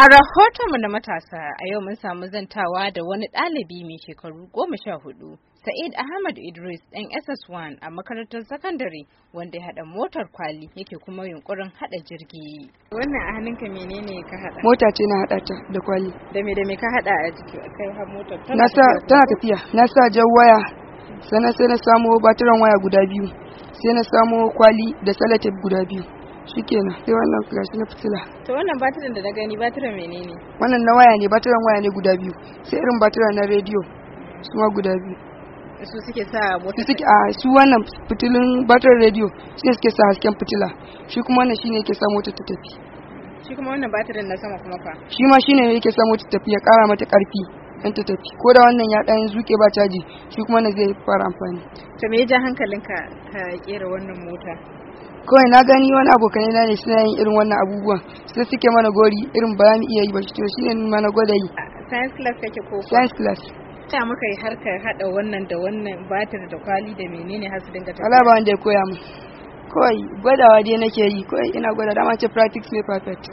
A rahotonmu na matasa a yau mun samu zantawa da wani ɗalibi mai shekaru goma sha hudu, Sa'id Ahmad Idris ɗan SS1 a makarantar sakandare wanda ya haɗa motar kwali yake kuma yunkurin haɗa jirgi. Wannan a hannunka menene ka haɗa? Mota ce na haɗa ta da kwali. Da me da me ka haɗa a jiki kai har motar? Na sa tana tafiya, na sa jan waya, sannan sai na samo batiran waya guda biyu, sai na samo kwali da salatif guda biyu. shikenan sai wannan gashi na fitila to wannan batirin da na gani batirin menene wannan na waya ne batirin waya ne guda biyu sai irin batirin na rediyo su ma guda biyu su suke sa mota suke a su wannan fitilin batirin rediyo shi ne suke sa hasken fitila shi kuma wannan shine yake sa mota ta tafi shi kuma wannan batirin na sama kuma fa shi ma shine yake sa mota ta tafi ya kara mata karfi dan ta tafi ko da wannan ya dan zuke ba caji shi kuma na zai fara amfani to me ya ja hankalinka ka kera wannan mota kawai na gani wani abokan na ne suna yin irin wannan abubuwan sai suke mana gori irin ba mu iya yi ba to ne mana gwada yi science class kake ko science class ta muka yi harkar hada wannan da wannan batir da kwali da menene har su dinga tafiya ba wanda ya koya mu kawai gwadawa dai nake yi kawai ina gwada dama ce practice ne perfect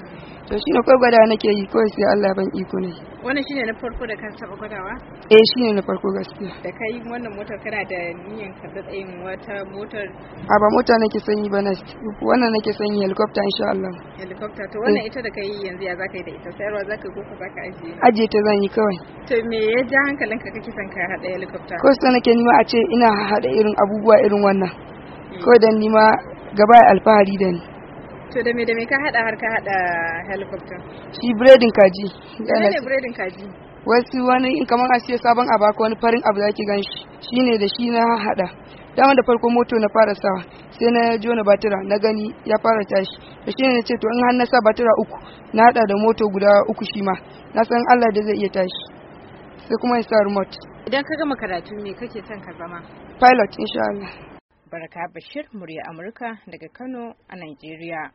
to shi ne kawai gwada nake yi kawai sai Allah ban iko ne wannan shine na farko da kan taɓa gwadawa eh shine na farko gaskiya da kai wannan motar kana da niyan ka da tsayin wata motar a ba mota nake sanyi ba na wannan nake sanyi helicopter insha Allah helicopter to wannan eh. ita da kai yanzu ya ka yi da ita sayarwa zaka ko ka zaka ajiye ajiye ta zan yi kawai to me ya ja hankalinka kake son ka hada helicopter ko sai nake nima a ce ina hada irin abubuwa irin wannan hmm. kawai dan nima gaba alfahari da ni to da me da me ka hada har ka hada helicopter shi biredin kaji ne ne biredin kaji wasu wani in kamar a siya sabon abaka wani farin abu zaki gan shi shine da shi na hada dama da farko moto na fara sawa sai na na batira na gani ya fara tashi da shi ne ce to in har na sa batira uku na hada da moto guda uku shi ma na san Allah da zai iya tashi sai kuma in sa remote idan ka gama karatu me kake son ka zama pilot insha Allah Baraka Bashir, murya Amurka daga Kano a Nigeria.